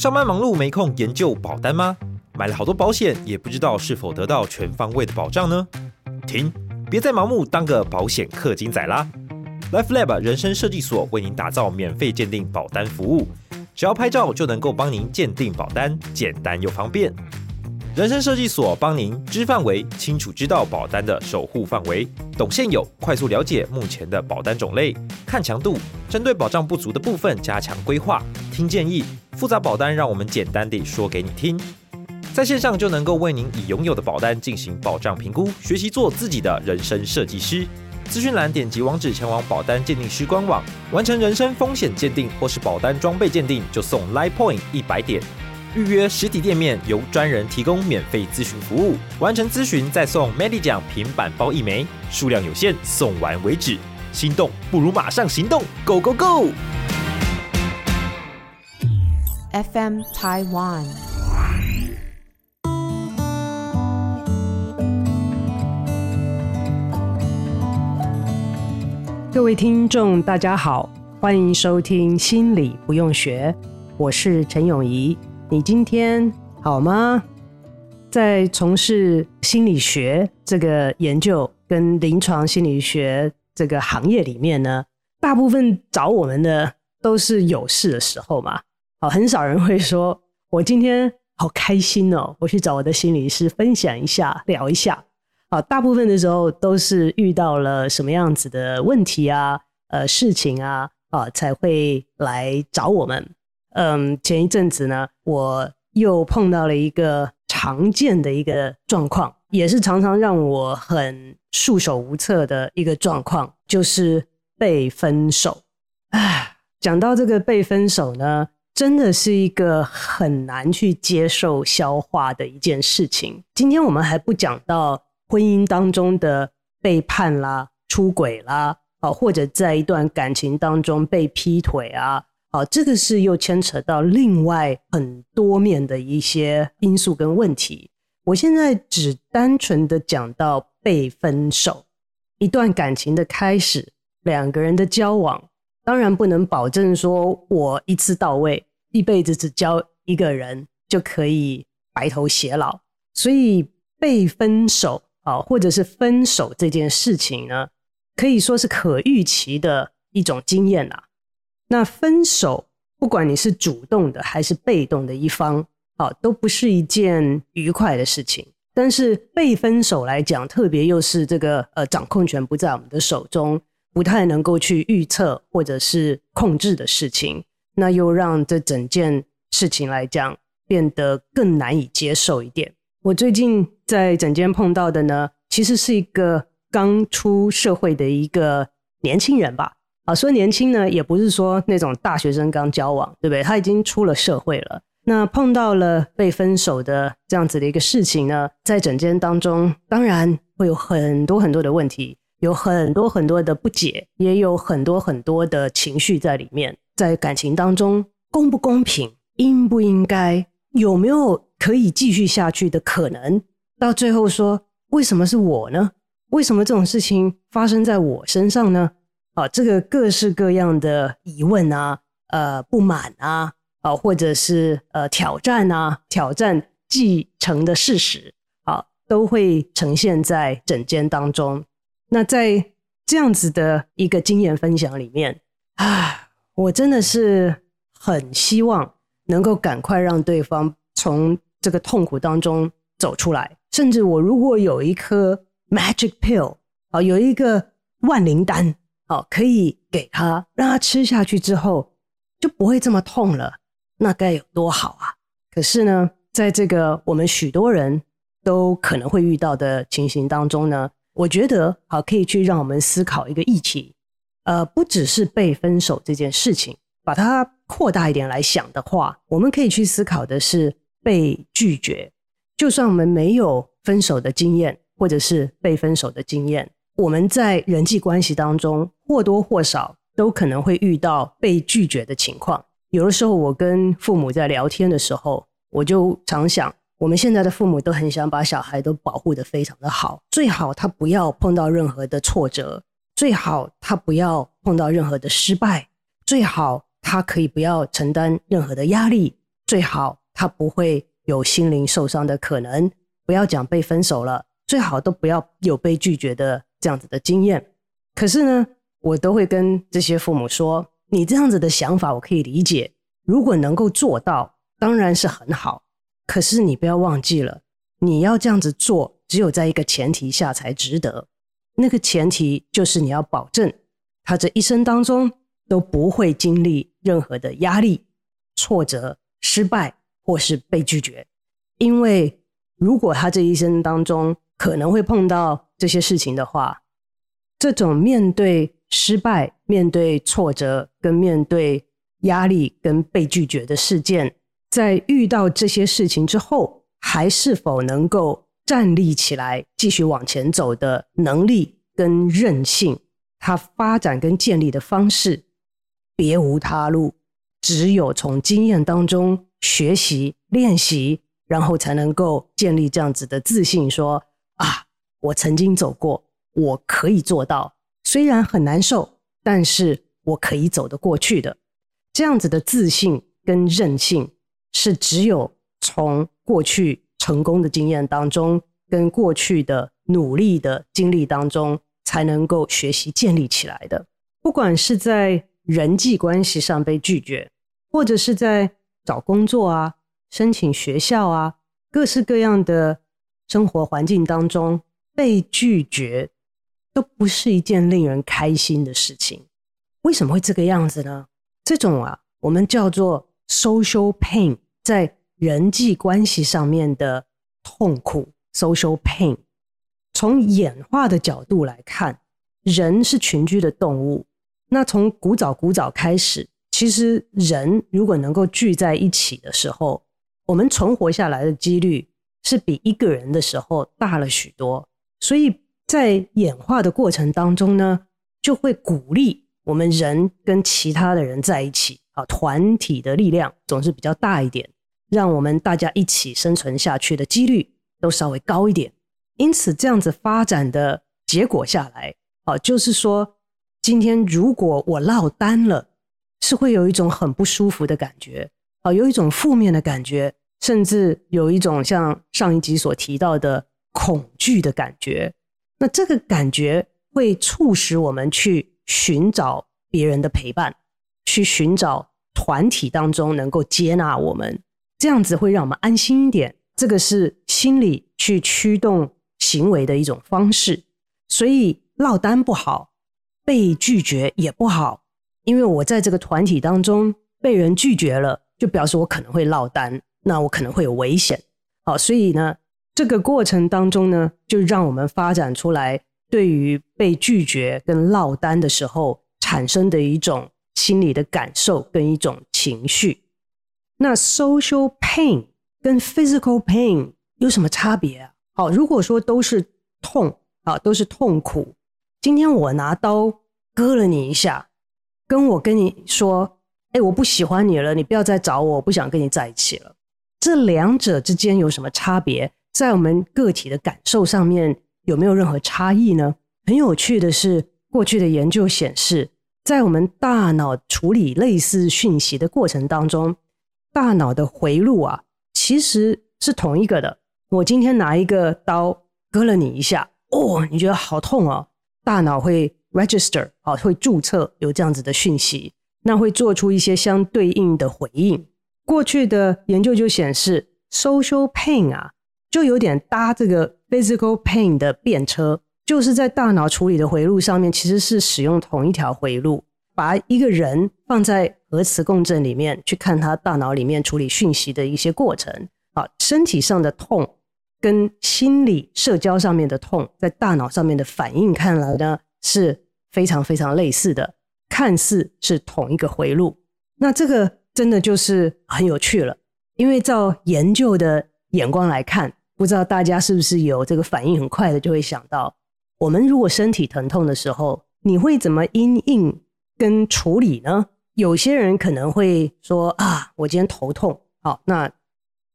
上班忙碌沒空研究保單嗎？買了好多保險，也不知道是否得到全方位的保障呢？停，別再盲目當個保險氪金仔啦！LIFE Lab. 人生設計所為您打造免費鑑定保單服務，只要拍照就能夠幫您鑑定保單，簡單又方便。人生設計所幫您知範圍，清楚知道保單的守護範圍；懂現有，快速了解目前的保單種類；看強度，針對保障不足的部分加強規劃；聽建議，複雜保單讓我們簡單地說給你聽。在線上就能夠為您已擁有的保單進行保障評估，學習做自己的人生設計師。資訊欄點擊網址前往保單鑑定師官網，完成人生風險鑑定或是保單裝備鑑定，就送 LINE POINTS 一百點。預約實體店面，由專人提供免費諮詢服務，完成諮詢再送 MEDI 醬平板包一枚，數量有限，送完為止。心動不如馬上行動，Go Go Go！FM Taiwan，各位聽眾大家好，歡迎收聽《心理不用學》，我是陳泳儀。你今天好嗎？在從事心理學這個研究跟臨床心理學這個行業裡面呢，大部分找我們的都是有事的時候嘛。哦，很少人會說：“我今天好開心哦，我去找我的心理師分享一下，聊一下。”啊，大部分的時候都是遇到了什麼樣子的問題啊、呃事情啊，啊才會來找我們。嗯，前一陣子呢，我又碰到了一個常見的一個狀況，也是常常讓我很束手無策的一個狀況，就是被分手。啊，講到這個被分手呢，真的是一個很難去接受消化的一件事情。今天我們還不講到婚姻當中的背叛啦、出軌啦，哦，或者在一段感情當中被劈腿啊。好，這個是又牽扯到另外很多面的一些因素跟問題。我現在只單純的講到被分手，一段感情的開始，兩個人的交往，當然不能保證說我一次到位，一輩子只交一個人就可以白頭偕老。所以被分手啊，或者是分手這件事情呢，可以說是可預期的一種經驗吶、啊。那分手，不管你是主動的還是被動的一方，啊，都不是一件愉快的事情。但是被分手來講，特別又是這個呃，掌控權不在我們的手中，不太能夠去預測或者是控制的事情，那又讓這整件事情來講變得更難以接受一點。我最近在整間碰到的呢，其實是一個剛出社會的一個年輕人吧。說年輕呢，也不是說那種大學生剛交往，對不對？他已經出了社會了，那碰到了被分手的這樣子的一個事情呢，在整間當中，當然會有很多很多的問題，有很多很多的不解，也有很多很多的情緒在裡面。在感情當中，公不公平，應不應該，有沒有可以繼續下去的可能？到最後說，為什麼是我呢？為什麼這種事情發生在我身上呢？這個各式各樣的疑問啊，呃，不滿啊，啊，或者是呃挑戰啊，挑戰既成的事實，啊，都會呈現在診間當中。那在這樣子的一個經驗分享裡面啊，我真的是很希望能夠趕快讓對方從這個痛苦當中走出來。甚至我如果有一顆 magic pill 啊，有一個萬靈丹。好，可以給他，讓他吃下去之後，就不會這麼痛了，那該有多好啊！可是呢，在這個我們許多人都可能會遇到的情形當中呢，我覺得好，可以去讓我們思考一個議題，呃，不只是被分手這件事情，把它擴大一點來想的話，我們可以去思考的是被拒絕，就算我們沒有分手的經驗，或者是被分手的經驗。我們在人際關係當中或多或少都可能會遇到被拒絕的情況。有的時候，我跟父母在聊天的時候，我就常想，我們現在的父母都很想把小孩都保護得非常的好，最好他不要碰到任何的挫折，最好他不要碰到任何的失敗，最好他可以不要承擔任何的壓力，最好他不會有心靈受傷的可能。不要講被分手了，最好都不要有被拒絕的這樣子的經驗，可是呢，我都會跟這些父母說：“你這樣子的想法，我可以理解。如果能夠做到，當然是很好。可是你不要忘記了，你要這樣子做，只有在一個前提下才值得。那個前提就是你要保證他這一生當中都不會經歷任何的壓力、挫折、失敗或是被拒絕。因為如果他這一生當中可能會碰到，這些事情的話，這種面對失敗、面對挫折、跟面對壓力、跟被拒絕的事件，在遇到這些事情之後，還是否能夠站立起來繼續往前走的能力跟韌性，它發展跟建立的方式，別無他路，只有從經驗當中學習、練習，然後才能夠建立這樣子的自信說，說啊。我曾經走過，我可以做到，雖然很難受，但是我可以走得過去的。這樣子的自信跟韌性，是只有從過去成功的經驗當中，跟過去的努力的經歷當中，才能夠學習建立起來的。不管是在人際關係上被拒絕，或者是在找工作啊、申請學校啊、各式各樣的生活環境當中。被拒絕都不是一件令人開心的事情，為什麼會這個樣子呢？這種啊，我們叫做 social pain，在人際關係上面的痛苦，social pain。從演化的角度來看，人是群居的動物。那從古早古早開始，其實人如果能夠聚在一起的時候，我們存活下來的幾率是比一個人的時候大了許多。所以在演化的過程當中呢，就會鼓勵我們人跟其他的人在一起啊，團體的力量總是比較大一點，讓我們大家一起生存下去的幾率都稍微高一點。因此這樣子發展的結果下來，啊，就是說今天如果我落單了，是會有一種很不舒服的感覺啊，有一種負面的感覺，甚至有一種像上一集所提到的。恐懼的感覺，那這個感覺會促使我們去尋找別人的陪伴，去尋找團體當中能夠接納我們，這樣子會讓我們安心一點。這個是心理去驅動行為的一種方式。所以落單不好，被拒絕也不好，因為我在這個團體當中被人拒絕了，就表示我可能會落單，那我可能會有危險。好，所以呢。這個過程當中呢，就讓我們發展出來對於被拒絕跟落單的時候產生的一種心理的感受跟一種情緒。那 social pain 跟 physical pain 有什麼差別啊？好，如果說都是痛啊，都是痛苦。今天我拿刀割了你一下，跟我跟你說，哎，我不喜歡你了，你不要再找我，我不想跟你在一起了。這兩者之間有什麼差別？在我們個體的感受上面有沒有任何差異呢？很有趣的是，過去的研究顯示，在我們大腦處理類似訊息的過程當中，大腦的迴路啊，其實是同一個的。我今天拿一個刀割了你一下，哦，你覺得好痛啊，哦！大腦會 register 好，會注冊有這樣子的訊息，那會做出一些相對應的回應。過去的研究就顯示，social pain 啊。就有點搭這個 physical pain 的便車，就是在大腦處理的回路上面，其實是使用同一條回路，把一個人放在核磁共振裡面去看他大腦裡面處理訊息的一些過程。啊，身體上的痛跟心理社交上面的痛，在大腦上面的反應看來呢，是非常非常類似的，看似是同一個回路。那這個真的就是很有趣了，因為照研究的眼光來看，不知道大家是不是有這個反應很快的，就會想到，我們如果身體疼痛的時候，你會怎麼因應跟處理呢？有些人可能會說啊，我今天頭痛，好、哦，那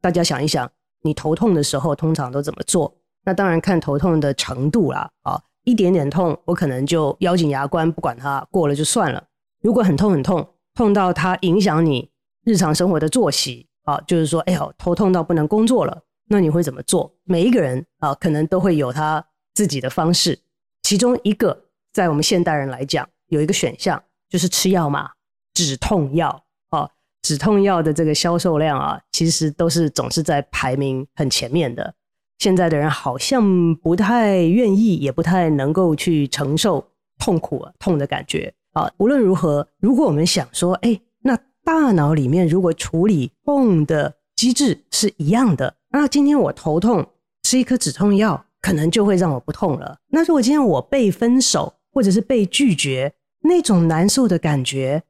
大家想一想，你頭痛的時候通常都怎麼做？那當然看頭痛的程度啦，啊、哦，一點點痛，我可能就咬緊牙關，不管它，過了就算了。如果很痛很痛，痛到它影響你日常生活的作息，啊、哦，就是說，哎呦，頭痛到不能工作了。那你會怎麼做？每一個人啊，可能都會有他自己的方式。其中一個，在我們現代人來講，有一個選項就是吃藥嘛，止痛藥。哦、啊，止痛藥的這個銷售量啊，其實都是總是在排名很前面的。現在的人好像不太願意，也不太能夠去承受痛苦、啊、痛的感覺。啊，無論如何，如果我們想說，哎，那大腦裡面如果處理痛的，機制是一樣的。那今天我頭痛，吃一顆止痛藥，可能就會讓我不痛了。那如果今天我被分手或者是被拒絕，那種難受的感覺，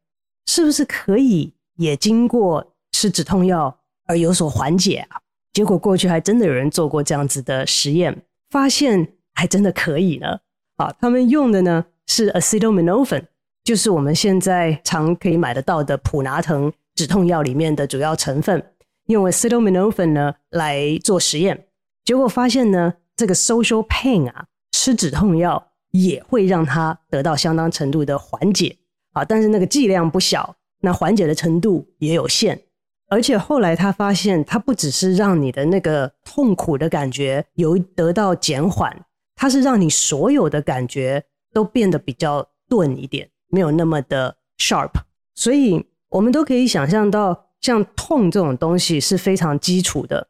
是不是可以也經過吃止痛藥而有所緩解啊？結果過去還真的有人做過這樣子的實驗，發現還真的可以呢。啊，他們用的呢是 acetaminophen，就是我們現在常可以買得到的普拿疼止痛藥裡面的主要成分。用 acetaminophen 呢來做實驗，結果發現呢，這個 social pain 啊，吃止痛藥也會讓它得到相當程度的緩解啊，但是那個劑量不小，那緩解的程度也有限。而且後來他發現，它不只是讓你的那個痛苦的感覺有得到減緩，它是讓你所有的感覺都變得比較鈍一點，沒有那麼的 sharp。所以我們都可以想象到。像痛這種東西是非常基礎的，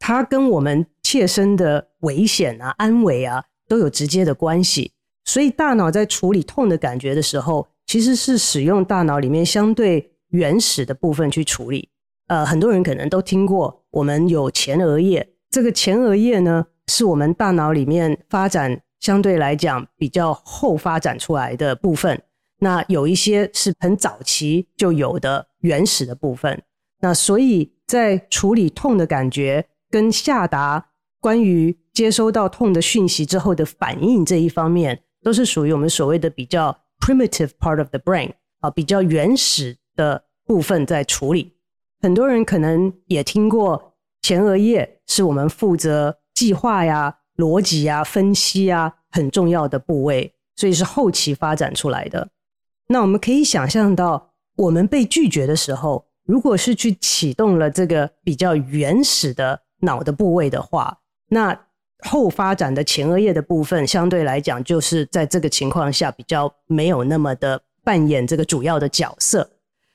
它跟我們切身的危險啊、安危啊都有直接的關係。所以大腦在處理痛的感覺的時候，其實是使用大腦裡面相對原始的部分去處理。呃，很多人可能都聽過，我們有前額葉，這個前額葉呢是我們大腦裡面發展相對來講比較後發展出來的部分。那有一些是很早期就有的。原始的部分，那所以，在處理痛的感覺跟下達關於接收到痛的訊息之後的反應這一方面，都是屬於我們所謂的比較 primitive part of the brain 啊，比較原始的部分在處理。很多人可能也聽過前額葉是我們負責計劃呀、邏輯呀、分析呀，很重要的部位，所以是後期發展出來的。那我們可以想象到。我們被拒絕的時候，如果是去啟動了這個比較原始的腦的部位的話，那後發展的前額葉的部分相對來講，就是在這個情況下比較沒有那麼的扮演這個主要的角色。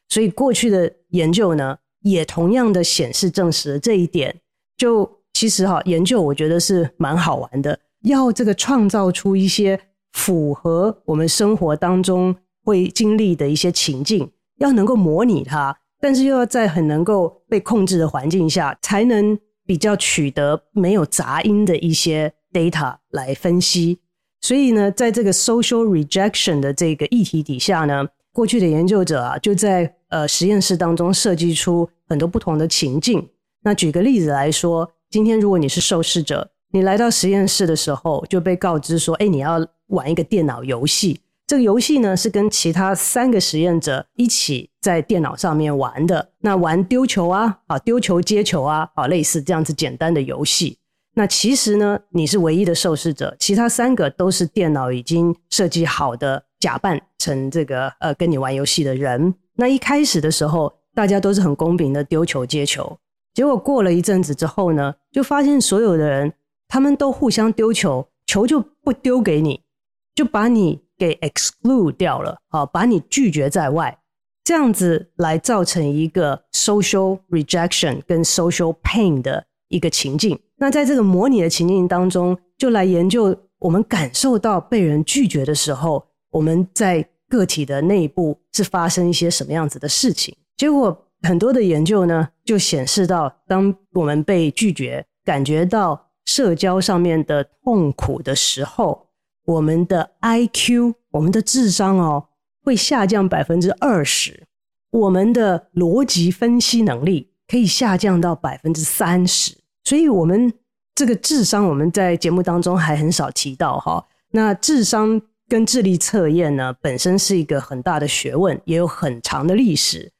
所以過去的研究呢，也同樣的顯示證實了這一點。就其實哈，研究我覺得是蠻好玩的，要這個創造出一些符合我們生活當中會經歷的一些情境。要能夠模擬它，但是又要在很能夠被控制的環境下，才能比較取得沒有雜音的一些 data 來分析。所以呢，在這個 social rejection 的這個議題底下呢，過去的研究者啊，就在呃實驗室當中設計出很多不同的情境。那舉個例子來說，今天如果你是受試者，你來到實驗室的時候，就被告知說，誒，你要玩一個電腦遊戲。這個遊戲呢，是跟其他三個實驗者一起在電腦上面玩的。那玩丟球啊啊，丟球接球啊啊，類似這樣子簡單的遊戲。那其實呢，你是唯一的受試者，其他三個都是電腦已經設計好的，假扮成這個呃跟你玩遊戲的人。那一開始的時候，大家都是很公平的丟球接球。結果過了一陣子之後呢，就發現所有的人他們都互相丟球，球就不丟給你，就把你。給 exclude 掉了，好，把你拒絕在外，這樣子來造成一個 social rejection 跟 social pain 的一個情境。那在這個模擬的情境當中，就來研究我們感受到被人拒絕的時候，我們在個體的內部是發生一些什麼樣子的事情。結果很多的研究呢，就顯示到，當我們被拒絕，感覺到社交上面的痛苦的時候。我們的 IQ，我們的智商哦，會下降百分之二十，我們的邏輯分析能力可以下降到百分之三十。所以，我們這個智商我們在節目當中還很少提到哈。那智商跟智力測驗呢，本身是一個很大的學問，也有很長的歷史。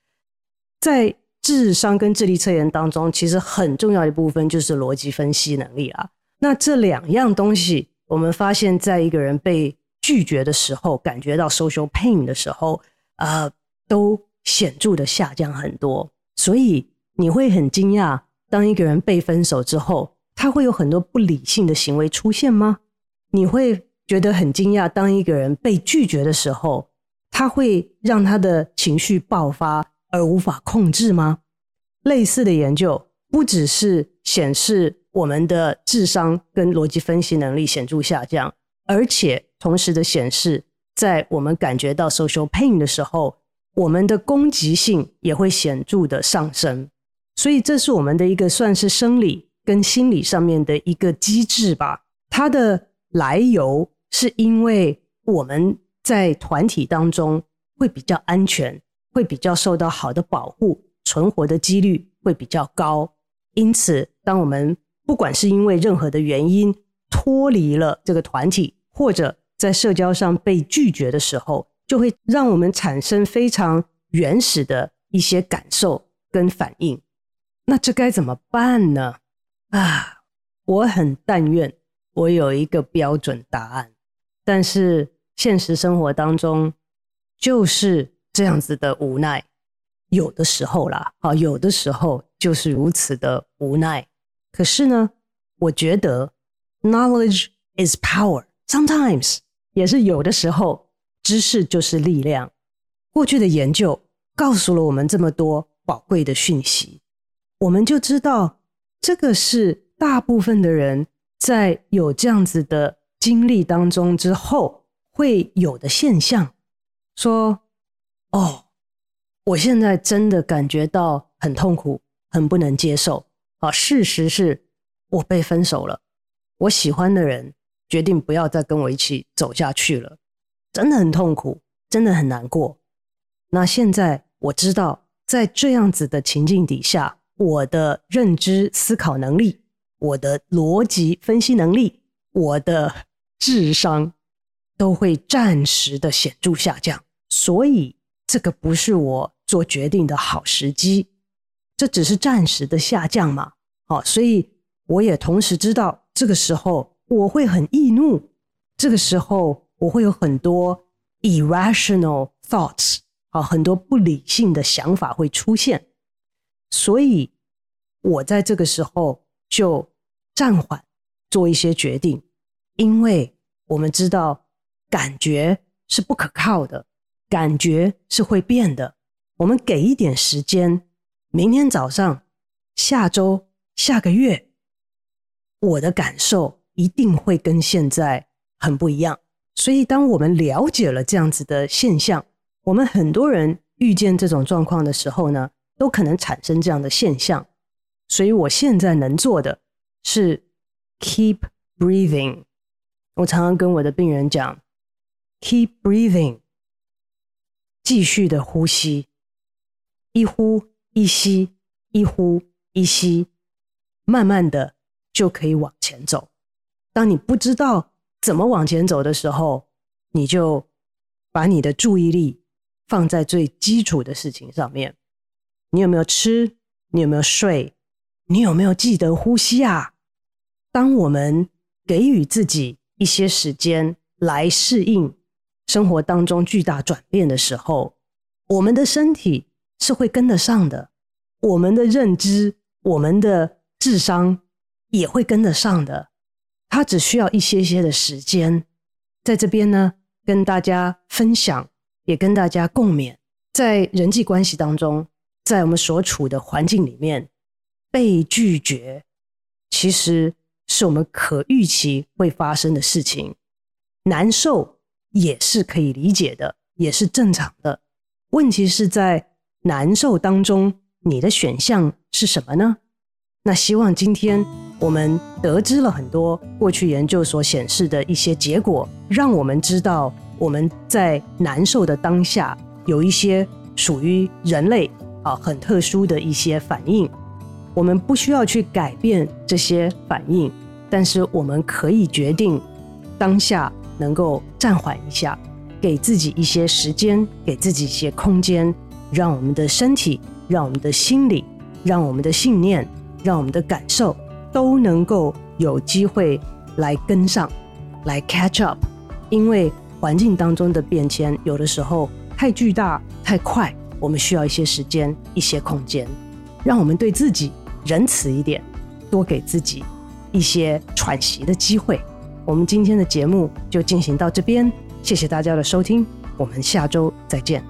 在智商跟智力測驗當中，其實很重要的部分就是邏輯分析能力啊。那這兩樣東西。我們發現，在一個人被拒絕的時候，感覺到 social pain 的時候，呃，都顯著的下降很多。所以你會很驚訝，當一個人被分手之後，他會有很多不理性的行為出現嗎？你會覺得很驚訝，當一個人被拒絕的時候，他會讓他的情緒爆發而無法控制嗎？類似的研究不只是顯示，我們的智商跟邏輯分析能力顯著下降，而且同時的顯示，在我們感覺到 social pain 的時候，我們的攻擊性也會顯著的上升。所以，這是我們的一個算是生理跟心理上面的一個機制吧。它的來由是因為我們在團體當中會比較安全，會比較受到好的保護，存活的幾率會比較高。因此，當我們不管是因為任何的原因脫離了這個團體，或者在社交上被拒絕的時候，就會讓我們產生非常原始的一些感受跟反應。那這該怎麼辦呢？啊，我很但願我有一個標準答案，但是現實生活當中就是這樣子的無奈。有的時候啦，啊，有的時候就是如此的無奈。可是呢，我覺得 knowledge is power. Sometimes 也是有的時候，知識就是力量。過去的研究告訴了我們這麼多寶貴的訊息，我們就知道這個是大部分的人在有這樣子的經歷當中之後會有的現象。說哦，我現在真的感覺到很痛苦，很不能接受。啊，事實是，我被分手了。我喜歡的人決定不要再跟我一起走下去了，真的很痛苦，真的很難過。那現在我知道，在這樣子的情境底下，我的認知思考能力、我的邏輯分析能力、我的智商都會暫時的顯著下降，所以這個不是我做決定的好時機。這只是暫時的下降嘛？好，所以我也同時知道，這個時候我會很易怒，這個時候我會有很多 irrational thoughts，啊，很多不理性的想法會出現。所以，我在這個時候就暫緩做一些決定，因為我們知道感覺是不可靠的，感覺是會變的。我們給一點時間。明天早上、下週、下個月，我的感受一定會跟現在很不一樣。所以，當我們了解了這樣子的現象，我們很多人遇見這種狀況的時候呢，都可能產生這樣的現象。所以我現在能做的是 keep breathing。我常常跟我的病人講，keep breathing，繼續的呼吸，一呼。一吸一呼一吸，慢慢的就可以往前走。當你不知道怎麼往前走的時候，你就把你的注意力放在最基礎的事情上面。你有沒有吃？你有沒有睡？你有沒有記得呼吸啊？當我們給予自己一些時間來適應生活當中巨大轉變的時候，我們的身體，是會跟得上的，我們的認知、我們的智商，也會跟得上的，它只需要一些些的時間。在這邊呢，跟大家分享，也跟大家共勉，在人際關係當中，在我們所處的環境裡面，被拒絕其實是我們可預期會發生的事情，難受也是可以理解的，也是正常的。問題是在。難受當中，你的選項是什麼呢？那希望今天我們得知了很多過去研究所顯示的一些結果，讓我們知道我們在難受的當下有一些屬於人類啊很特殊的一些反應。我們不需要去改變這些反應，但是我們可以決定當下能夠暫緩一下，給自己一些時間，給自己一些空間。讓我們的身體，讓我們的心理，讓我們的信念，讓我們的感受，都能夠有機會來跟上，來 catch up。因為環境當中的變遷，有的時候太巨大、太快，我們需要一些時間、一些空間，讓我們對自己仁慈一點，多給自己一些喘息的機會。我們今天的節目就進行到這邊，謝謝大家的收聽，我們下周再見。